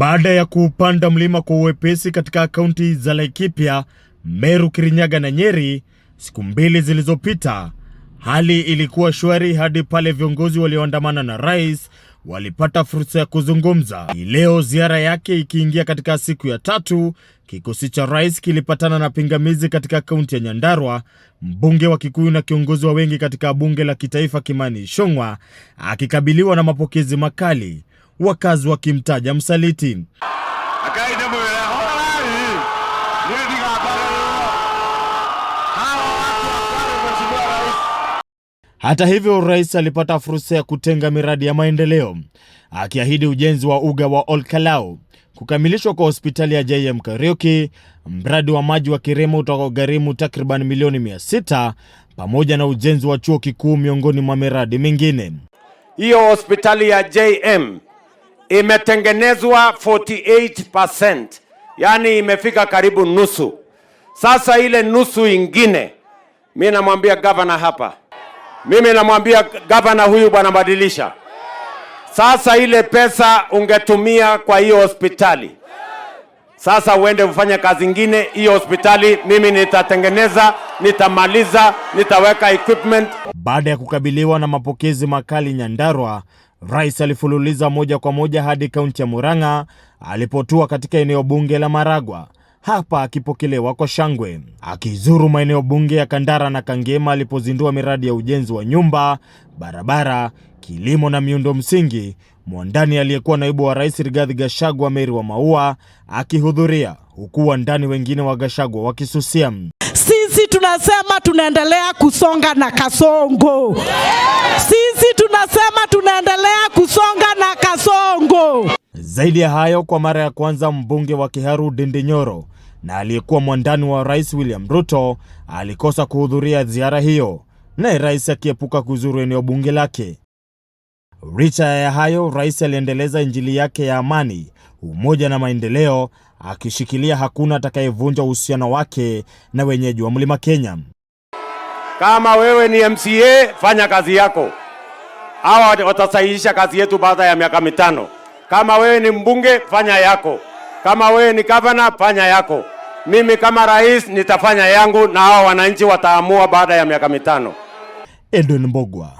Baada ya kuupanda mlima kwa uwepesi katika kaunti za Laikipia, Meru, Kirinyaga na Nyeri siku mbili zilizopita, hali ilikuwa shwari hadi pale viongozi walioandamana na rais walipata fursa ya kuzungumza. Leo ziara yake ikiingia katika siku ya tatu, kikosi cha rais kilipatana na pingamizi katika kaunti ya Nyandarua, mbunge wa Kikuyu na kiongozi wa wengi katika bunge la kitaifa Kimani Ichung'wah akikabiliwa na mapokezi makali wakazi wakimtaja msaliti. Hata hivyo, rais alipata fursa ya kutenga miradi ya maendeleo akiahidi ujenzi wa uga wa Olkalau, kukamilishwa kwa hospitali ya JM Kariuki, mradi wa maji wa Kirema utakaogharimu takriban milioni mia sita pamoja na ujenzi wa chuo kikuu miongoni mwa miradi mingine. Hiyo hospitali ya JM imetengenezwa 48%, yaani imefika karibu nusu. Sasa ile nusu ingine, mi namwambia gavana hapa, mimi namwambia gavana huyu, bwana badilisha sasa ile pesa ungetumia kwa hiyo hospitali sasa uende ufanye kazi ingine. Hiyo hospitali mimi nitatengeneza, nitamaliza, nitaweka equipment. Baada ya kukabiliwa na mapokezi makali Nyandarua, Rais alifululiza moja kwa moja hadi kaunti ya Murang'a alipotua katika eneo bunge la Maragwa, hapa akipokelewa kwa shangwe. Akizuru maeneo bunge ya Kandara na Kangema alipozindua miradi ya ujenzi wa nyumba, barabara, kilimo na miundo msingi, mwandani aliyekuwa naibu wa rais Rigathi Gachagua Meri wa Maua akihudhuria, huku wandani wengine wa Gachagua wakisusia. Sisi tunasema tunaendelea kusonga na kasongo. Sisi tunasema tunaendelea kusonga na kasongo. Zaidi ya hayo, kwa mara ya kwanza mbunge wa Kiharu Ndindi Nyoro na aliyekuwa mwandani wa Rais William Ruto alikosa kuhudhuria ziara hiyo, naye rais akiepuka kuzuru eneo bunge lake. Licha ya hayo, rais aliendeleza injili yake ya amani, umoja na maendeleo, akishikilia hakuna atakayevunja uhusiano wake na wenyeji wa Mlima Kenya. Kama wewe ni MCA fanya kazi yako, hawa watasahihisha kazi yetu baada ya miaka mitano. Kama wewe ni mbunge fanya yako, kama wewe ni governor, fanya yako. Mimi kama rais nitafanya yangu, na hawa wananchi wataamua baada ya miaka mitano. Edwin Mbogwa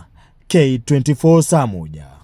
K24 saa moja.